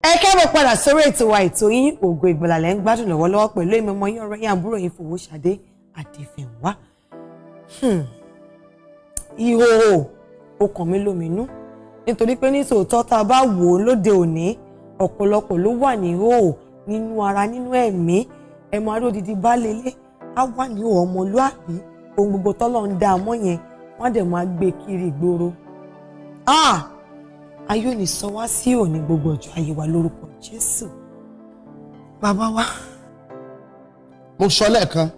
ẹ kẹ́bọ̀ padà sórí ètò wa ètò yín Ògo Ìgbàlà lẹ́ ń gbádùn lọ́wọ́lọ́wọ́ pẹ̀lú èmi ọmọ yín ọ̀rẹ́ yín àbúrò yín Fowóṣadé Adéfẹ̀wá. Hmm. ìhòòhò ọkàn mi lóminú nítorí pé ní tòótọ́ tá a bá wò ó lóde òní ọ̀pọ̀lọpọ̀ ló wà ní ìhòòhò nínú ara nínú ẹ̀mí ẹ̀mọ aró odidi bá lélẹ̀ á wà ní ìhòòhò ọmọlúàbí ohun gbogbo tọ́lọ́ ń dá a mọ́ yẹn wọ́n dẹ̀ máa gbé kiri ìgboro. ah ayé ò ní sọ wá sí òní gbogbo ọjọ́ ayé wa lórúkọ Jésù bàbá wa. mo sọ lẹ́ẹ̀kan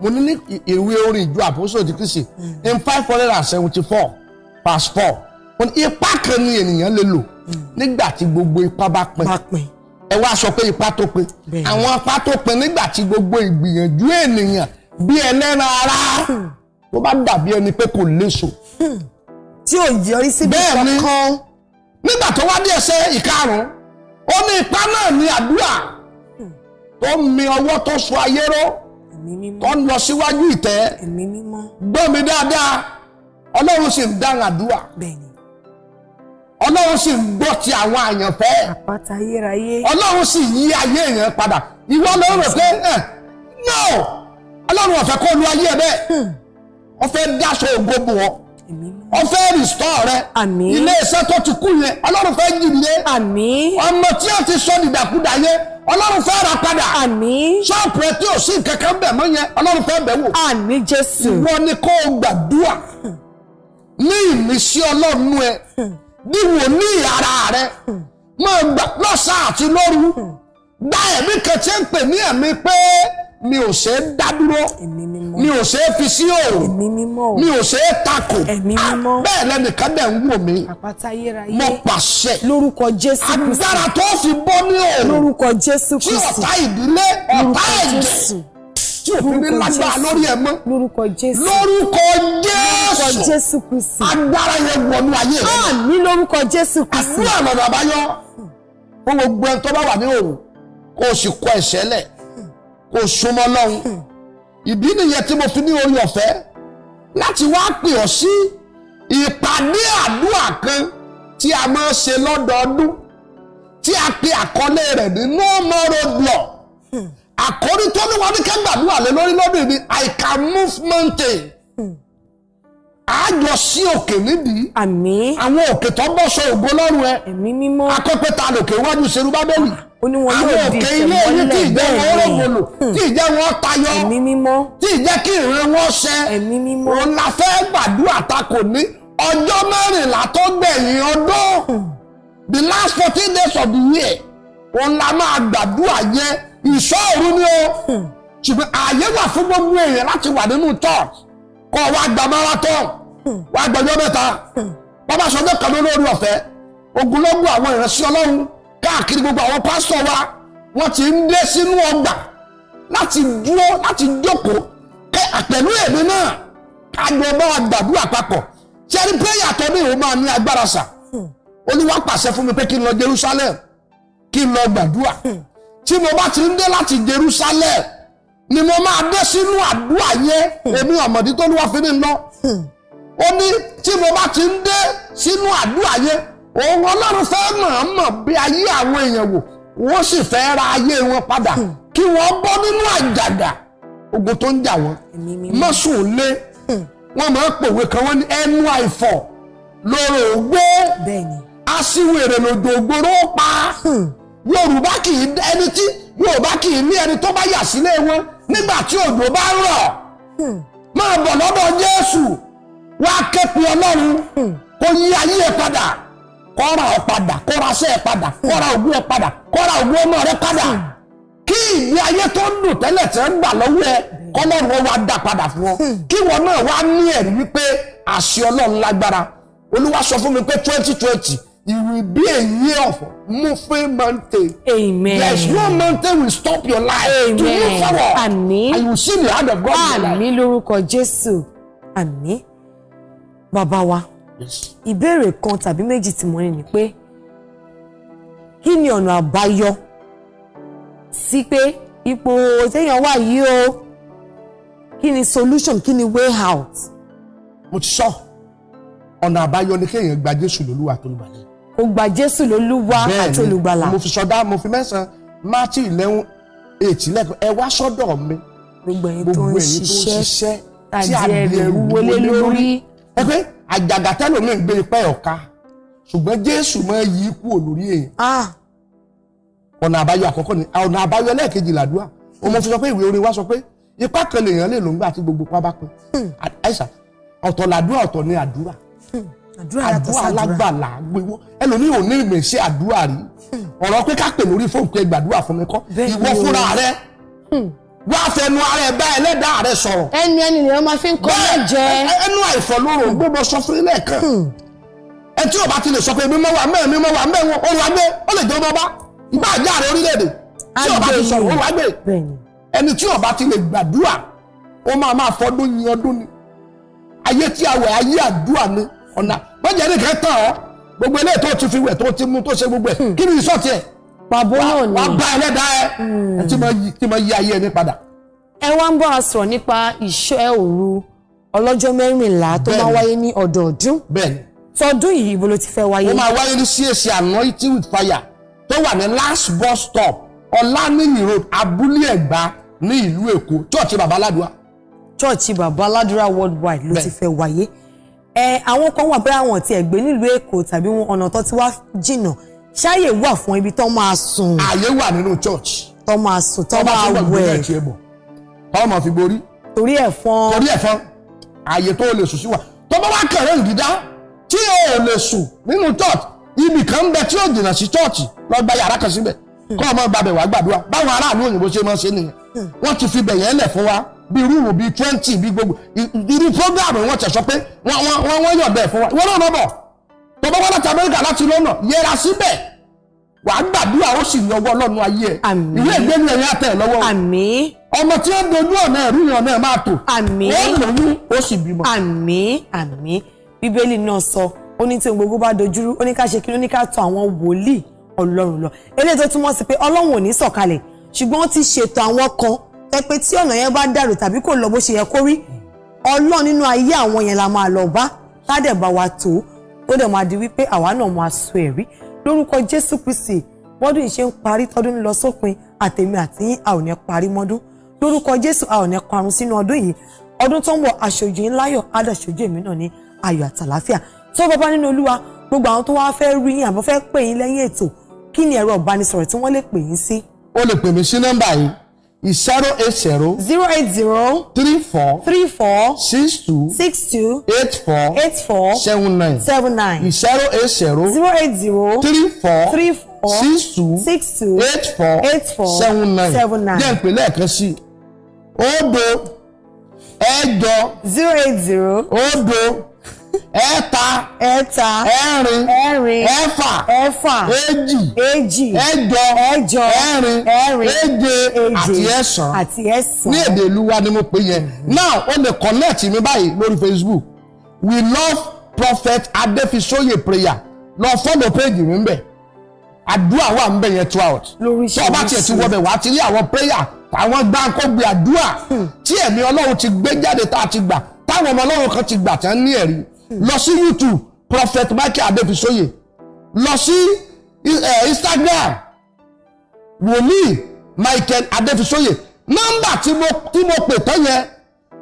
mo ní ní ìwé orin ìjọ àpòsò ti Kristi hmm. in five hundred and seventy four past four wọn ipá kan ni ènìyàn lè lò hmm. nígbà tí gbogbo ipá bá pin ẹ wá sọ pé ipá tó pin àwọn ipá tó pin nígbà tí gbogbo ìgbìyànjú ènìyàn bí ẹlẹ́ran ara tó hmm. bá dàbí ẹni pé kò léso. tí ò yọrí síbi kankan nígbà tó wá ní ẹsẹ̀ ìkarùn-ún ó ní ipá náà ní àdúrà tó mi ọwọ́ tó so ayé ró tó ń lọ síwájú ìtẹ́ gbọ́ mi dáadáa ọlọ́run sì ń dáhùn àdúrà ọlọ́run sì ń gbọ́ ti àwọn àyànfẹ́ ọlọ́run sì yí ayé yẹn padà ìwọ ọlọ́run rẹ̀ pé no ọlọ́run ọ̀fẹ́ kó lu ayé ẹ bẹ́ẹ̀ wọ́n hmm. dáṣọ ògbóbù ọfẹ́ rìstọ́ rẹ ilé iṣẹ́ tó ti kú yẹn ọlọ́run fẹ́ jìnnìyẹ ọmọ tí a ti sọ dìdàkudà yẹn ọlọ́run fẹ́ ra padà ṣọ́ọ̀pù rẹ tí ò sí kankan bẹ̀ mọ́ yẹn ọlọ́run fẹ́ bẹ̀ wò ìwọ ni kó o gbàdúrà ní ìmísí ọlọ́run ẹ díwò ní ara rẹ máa gbà lọ́sàn àti lóru gba ẹ̀mí kan tí ń pè ní ẹ̀mí pé mi ò ṣe é dá dúró mi ò ṣe é fi sí òòrùn mi ò ṣe é takò ah, bẹ́ẹ̀ lẹ́nìkan dẹ̀ ń wò mí mo pàṣẹ lórúkọ Jésù Kristi agbára tó fi bọ́ ní òòrùn lórúkọ Jésù Kristi tí ọ̀tá ìdílé ọ̀tá ẹ̀jẹ̀ tí òfin ní lágbára lórí ẹ mọ́ lórúkọ Jésù lórúkọ Jésù agbára yẹn wọnú ayé rẹ àmì lórúkọ Jésù Kristi àbúrò àmọ̀ bàbá yọ gbogbo ẹni tó bá wà ní òòrùn kó o sì kọ ẹ̀ṣẹ̀ lẹ̀ kò súnmọ́ lọ́hùn ìdí nìyẹn tí mo fi ní orí ọ̀fẹ́ láti wá pè ọ́ sí ìpàdé àdúrà kan tí a máa ń ṣe lọ́dọọdún tí a pe àkọlé rẹ̀ ní no more roadblock àkórí tó ní wọn ní kẹ́gbàdúrà lé lórí lọ́dún yìí I can move mountain àjọ sí òkè nídìí. àmín. àwọn òkè tó ń bọ́ sọ ògo lọ́rùn ẹ. ẹ̀mí mímọ́. lòkè iwájú serubábẹ́lì ó ní wọn yóò di ìṣẹ̀mọ́lẹ̀ bẹ́ẹ̀ ni àwọn òkè ilé tí ìjẹ́ wọn rògbòlò hmm. tí ìjẹ́ wọn tayọ ẹ̀mí mímọ́ tí ìjẹ́ kí ìran wọn ṣẹ ẹ̀mí mímọ́ òun la fẹ́ gbàdúrà ta kò ní ọjọ́ mẹ́rìnlá tó gbẹ̀yìn ọdún hmm. the last fourteen days of the year òun la máa gbàdúrà yẹn ìṣọ́ òru ni o hmm. ṣùgbọ́n ààyè wà fún gbogbo èèyàn láti wà nínú church kọ́ wa gba marathon wa gbọ́jọ́ mẹ́ta bàbá sọ́jọ́ kan lórí ọ̀fẹ́ ogunlọ́gùn àwọn ìránṣẹ́ Ọlọ́run káàkiri gbogbo àwọn pásítọ̀ wa wọ́n ti ń dé sínú ọgbà láti dúró láti jókòó kẹ́ àpẹ̀lú èmi náà kájọ bá wa gbàdúrà papọ̀ sẹ́ni prayer tọ́dún ìwọ máa ní agbára sà olúwa pàṣẹ fún mi pé kí n lọ Jerusalem kí n lọ gbàdúrà tí mo bá ti ń dé láti Jerusalem ni mo máa dé sínú àdúrà yẹn èmi ọ̀mọ̀dí tó lúwa fi ní lọ ó ní tí mo bá ti ń dé sínú àdúrà yẹn òun ọlọ́run fẹ́ mọ̀ mọ̀ bí ayé àwọn èèyàn wò wọ́n sì fẹ́ ra ayé wọn padà hmm. kí wọ́n bọ́ nínú àjàgà ogun tó ń jà wọ́n mọ́sùn lé hmm. wọ́n máa ń pòwe kan wọ́n ní ẹnu àìfọ̀ lóró ògbó aṣíwèrè lòdò ògbóró pa hmm. yorùbá kì í ẹni tí yorùbá kì í ní ẹni tó bá yà sílé wọn nígbà tí òjò bá ń rọ̀ máa bọ̀ lọ́dọ̀ jésù wá képe ọlọ́run kó yí ayé padà kọ́ra ẹ̀ padà kọ́ra ṣẹ́ ẹ̀ padà kọ́ra ògùn ẹ̀ padà kọ́ra ògùn ọmọ rẹ̀ padà kí ìgbé ayé tó ń dùn tẹ́lẹ̀ tẹ́ ń gbà lọ́wọ́ ẹ kọ́lọ́run ọ wá dá padà fún ọ kí wọn náà wá ní ẹ̀rí wípé àṣẹ ọlọ́run lágbára olúwa sọ fún mi pé twenty twenty it will be a year of moving mountain. Amen. There is no mountain will stop your life. Amen. To move forward. Àmín. And you see the hand of God in your life. Àmín lórúkọ Jésù. Àmín. Bàbá wa ìbéèrè kan tàbí méjì tí mo ní ni pé kí ni ọ̀nà àbáyọ sí pé ipò téèyàn wà yìí o kí ni solution kí ni way out. mo ti sọ ọ̀nà àbáyọ ni kéèyàn gba Jésù lólúwa àti olùgbàlà. ó gba Jésù lólúwa àti olùgbàlà. bẹ́ẹ̀ni mo fi sọdá mo fi mẹ́sàn-án Matthew eleven eight lẹ́kọ̀ọ́ ẹ wá sọ́dọ̀ mi gbogbo ẹ̀yin tó ń ṣiṣẹ́ tí adìẹ rú wọlé lórí. ẹ pé àjàgà tẹ́lòmíì ń gbé ipá ẹ̀ ọ̀ka ṣùgbọ́n Jésù máa yí kú olórí èèyàn ah. ọ̀nà àbáyọ àkọ́kọ́ ni ọ̀nà àbáyọ lẹ́ẹ̀kejì làdúrà o mo fi sọ pé ìwé orin wa sọ pé ipá kan lèèyàn lè lò ńgbà tí gbogbo pa bá pin àìsà hmm. ọ̀tọ̀ làdúrà ọ̀tọ̀ ni hmm. àdúrà àdúrà alágbàlà gbéwó ẹlòmíì ò ní ìmẹ̀ṣẹ́ àdúrà rí hmm. ọ̀rọ̀ pé ká pè lórí fóònù pé gbàdúrà fún mi kọ́ ìwọ fúnra rẹ wá fẹnu ara ẹ bá ẹlẹ́dàá rẹ sọ̀rọ̀. ẹnu ẹni ni wọn máa fi ń kọ́ lẹ́jẹ́. ẹnu àìfọ̀lóró gbọ́dọ̀ sọ fún ilé ẹ̀kan. Hmm. ẹ tí o bá ti lè sọ pé mi mọ́ wà mẹ́rin mi mọ́ wà mẹ́rin wọn olùwà gbé ó lè jẹ́ ọmọ bá ìbá àjẹ́ àrẹ orílẹ̀ tí o bá ti sọ̀rọ̀ olùwà gbé ẹni tí o bá ti lè gbàdúrà ó máa máa fọdún yin ọdún ni ayé tí a wẹ̀ ayé àdúrà ni ọ̀nà bọ́jà ẹnì kẹta ọ gbogbo eléyìí tó ti fi wẹ̀ tó ti mu tó ṣe gbogbo ẹ̀ hmm. kí ni ìsọ̀tì ẹ̀ pàbó náà ni wàá bá ẹlẹ́dàá ẹ hmm. tí mo yí ayé ẹni padà. ẹ wá ń bọ́ a sọ̀rọ̀ nípa ìṣẹ́ òru ọlọ́jọ́ mẹ́rìnlá tó máa wáyé ní ọdọọdún tọdún yìí ibo ló ti fẹ́ wáyé. ó máa wáyé ní CAC anointing with fire tó wà ní last bus stop ọ̀lànìyí road abúlé ẹ̀gbá ní ìlú èkó chọ́ọ̀chì bàbá aládùá. chọ́ọ̀chì bàbá aládùá worldwide ló ti fẹ́ wáyé. ẹ àwọn kan wà bóyá àwọn ti ẹ̀gbẹ́ nílùú èkó tàbí ọ̀nà tó ti wá jìnnà ṣáàyè wà fún ibi tó máa sùn. ààyè wà nínú church. tó máa sùn tó máa wẹ̀. tó máa fi borí. torí ẹ̀fọn. torí ẹ̀fọn ààyè tó lè sùn sí wà tó bá wá kẹ̀rẹ́ ìdídá tí o lè sùn nínú church ibì kan ń bẹ tí o jìnnà sí church lọ gba yàrá kan síbẹ̀ hmm. kọ́ ọmọ babẹ̀ wá gbàdúrà báwọn aráàlú òyìnbó ṣe máa ń ṣe nìyẹn hmm. wọ́n ti fi bẹ̀yẹn lẹ̀ fún wa bí rúùrù bíi twenty bíi gbogbo irú program wọn tẹ̀ sọ pé wọ́n yọ̀ọ̀bẹ̀ fún wa wọ́n náà lọ bọ̀ bàbá wá láti amẹ́ríkà láti lọ́nà yẹra síbẹ̀ wà á gbàdúrà ó sì yọwọ́ ọlọ́run ayé ẹ̀ ìwé ìgbénu ẹ̀yìn àtẹ̀ lọ́wọ́ ọmọ tí ó dojú ọ̀nà ẹ̀rú yàn náà máa tò ó lóyún ó sì bímọ. àmín àmín bíbélì náà sọ ó ní tí gbogbo bá dojúrú ó ní ká ṣe kí ló ní ká tọ̀ àwọn wòlíì ọlọ́run lọ eléyìí tó túmọ̀ sí pé ọlọ́run ò ní sọ̀kalẹ̀ ṣùgbọ́n ó ti ṣètò àwọn kan ẹ pé tí ọ̀nà yẹn bá dàrú tàbí kò lọ bó ṣe yẹ kó rí ọlọ́run nínú ayé àwọn yẹn la máa lọ bá tádẹ̀ wa tó ó dẹ̀ máa di wípé àwa náà máa so ẹ̀rí lórúkọ Jésù Kristi bọ́dún ìṣe ń parí tọdún ń lọ sópin àtèmi àtìyín a ò ní parí mọ́dún lórúkọ Jésù a ò ní parun sínú ọdún yìí ọdún tó ń bọ̀ aṣojú yín láyọ̀ adàṣojú èmi náà ní ayọ̀ àtàlàáfíà tó bàbá nínú Olúwa gbogbo àwọn tó wá fẹ́ rí yín àbọ̀ fẹ́ pè yín lẹ́yìn ètò kí ni ẹ̀rọ ìbánisọ̀rọ̀ tí wọ́n lè pè yín sí. o lè pè mí sí nọ́mbà yìí is zero eight zero. zero eight zero. three four. three four. six two. six two. eight four. eight four. seven nine. seven nine. is zero eight zero. zero eight zero. three four. three four. six two. six two. eight four. eight four. seven nine. seven nine. jẹ́ ìpè lẹ́ẹ̀kan sí Odo. òdo zero eight zero. Odo ẹ̀ta ẹ̀ta ẹ̀rin ẹ̀rin ẹ̀fà ẹ̀fà èjì èjì ẹ̀jọ ẹ̀jọ ẹ̀rin ẹ̀rin èje àti ẹ̀sán àti ẹ̀sán ní èdè ìlú wa ni mo pè yẹn mm-hmm. now ó lè connect mi báyìí lórí Facebook we love prophet Adefisoye prayer lọ fọ́lọ̀ péjì mi ń bẹ̀ àdúrà wà ń bẹ̀ yẹn throughout tó o bá tiẹ̀ ti wọbẹ̀ wá ti rí àwọn prayer àwọn gbàǹkógbè àdúrà hmm. tí ẹ̀mí Ọlọ́run ti gbé jáde tá a ti gbà táwọn ọmọ Ọlọ́run kan ti gbà tán ní ẹ̀rí lọ sí youtube prophet michael adebisoye lọ sí eh, instagram wòlíì michael adebisoye nọ́mbà tí mo tí mo pè tán yẹn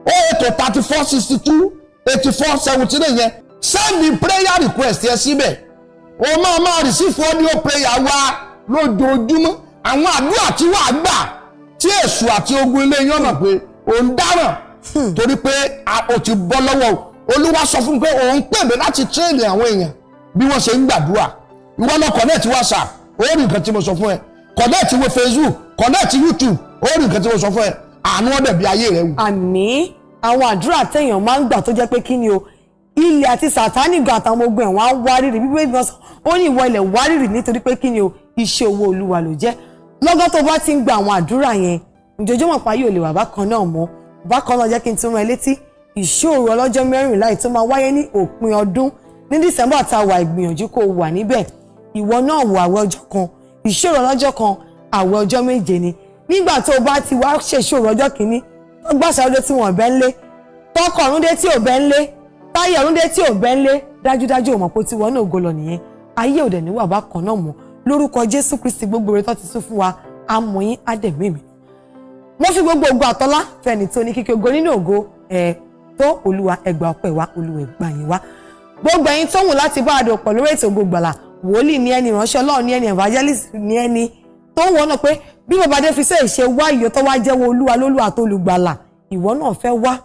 o ètò thirty four sixty two eighty four seventeen yẹn send me prayer request yẹn síbẹ̀ o máa máa receive audio prayer wa lójoojúmọ́ àwọn àdúrà tí wàá gbà tí èṣù àti ogun ilé yọ̀nà pé òun dáràn hmm. torí pé o ti bọ́ lọ́wọ́ o olúwa sọ fún mi pé òun pè mí láti tírèèdì àwọn èèyàn bí wọ́n ṣe ń gbàdúrà ìwọ náà connect whatsapp ó rí nǹkan tí mo sọ fún ẹ connect wo facebook connect youtube ó rí nǹkan tí mo sọ fún ẹ àánú ọ̀dẹ̀ bí ayé rẹ wù. àmín àwọn àdúrà téèyàn máa ń gbà tó jẹ́ pé kí ni o ilẹ̀ àti sàtánì gan àtàwọn ogun ẹ̀wọ̀n á wárìrì bí wọ́n sọ ó ní ìwọ ilẹ̀ wárìrì nítorí pé kí ni o iṣẹ́ owó olúwa ló jẹ́ lọ́gán tó bá ti ń gba àwọn àdúrà yẹn ìjọjọ́ yóò lè wà bákan náà mọ́ bákan náà jẹ́ kí n tún rán ẹ létí ìṣòro ọlọ́jọ́ mẹ́rìnlá yìí tó máa wáyé ní òpin ọdún ní December tá a wà ìgbìyànjú kó wà níbẹ̀ ìwọ náà wò àwẹ̀ ọjọ́ kan ìṣòro ọlọ́jọ́ kan àwẹ̀ ọjọ́ méje ni nígbà tó o bá ti wá ṣe ìṣòro ọjọ́ kìíní tó gbàṣàròdé tí wọ́n bẹ́ ń lé tọkọ ọ̀rúndé tí ò bẹ́ ń lé táyà ọ̀rúndé tí ò bẹ́ ń lé dájúdájú ò mọ̀ pé tiwọn náà gọlọ nìyẹn ayé òde ní wàbá kan náà mọ́ lórúkọ Jésù Kristi gbogbo rẹ̀ tó ti tó olúwa ẹgbà ọpẹ́ wa olúwa ẹgbà yín wa gbogbo ẹ̀yin tó wù láti bá àdó pọ̀ lórí ètò Ògo Ìgbàlà wòlíì ní ẹni ìránṣẹ́ Ọlọ́run ní ẹni evangelist ní ẹni tó ń wọnà pé bí bàbá dé fi ṣe ìṣe wá ìyọ tó wá jẹ́wọ́ olúwa lólúwa tó olùgbàlà ìwọ náà fẹ́ wá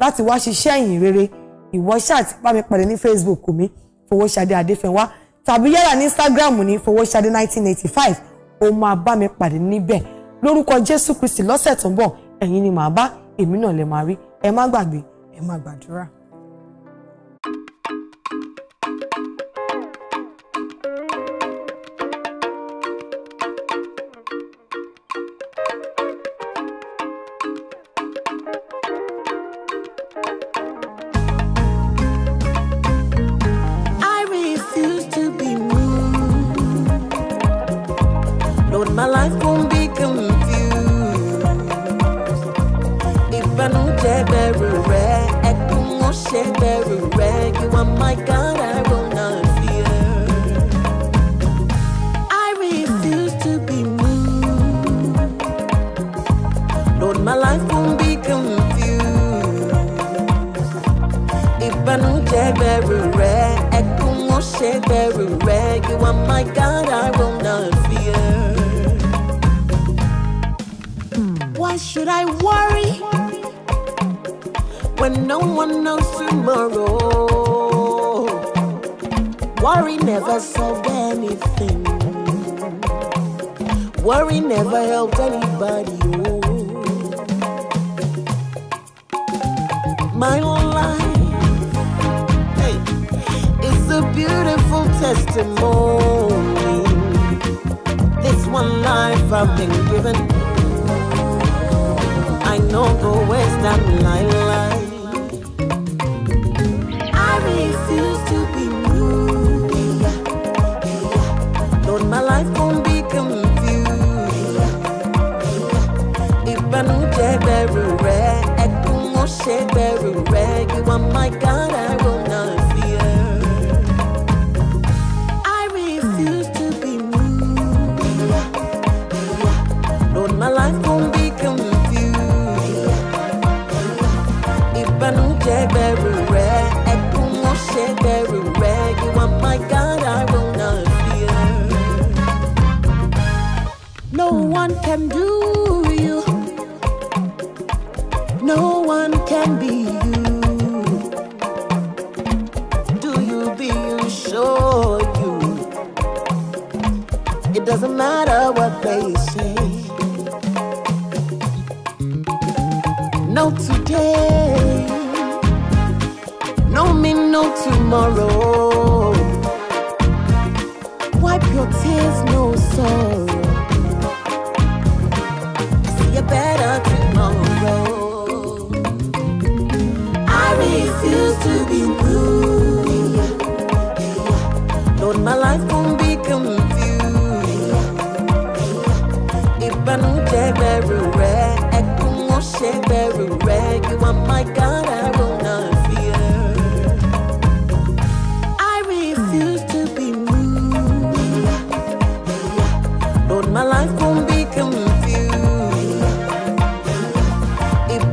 láti wá ṣiṣẹ́ ìyìn rere ìwọ ṣáà bá mi pàdé ní Facebook mi Fowóṣadé Adéfẹ́nwá tàbí yálà ní Instagram ní Fowóṣadé 1985 ó máa bá mi pàdé níbẹ̀ lórúkọ Jésù Kristi lọ́sẹ̀ tó ń bọ̀ ẹ̀yin ni màá bá èmi náà lè máa rí ẹ má gbàgbé ẹ máa gbàdúrà. Why should I worry when no one knows tomorrow? Worry never solved anything. Worry never helped anybody. Oh. My life is a beautiful testimony. This one life I've been given. I know go waste line. lifeline. I refuse to be moved. Lord, my life won't be confused. If I don't get very rare, I don't want very rare. You are my God. doesn't matter what they say. No today, no me, no tomorrow.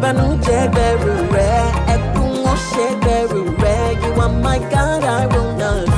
ìbànújẹ́ bẹ̀rù rẹ ẹkún ó ṣe you are my God I will not.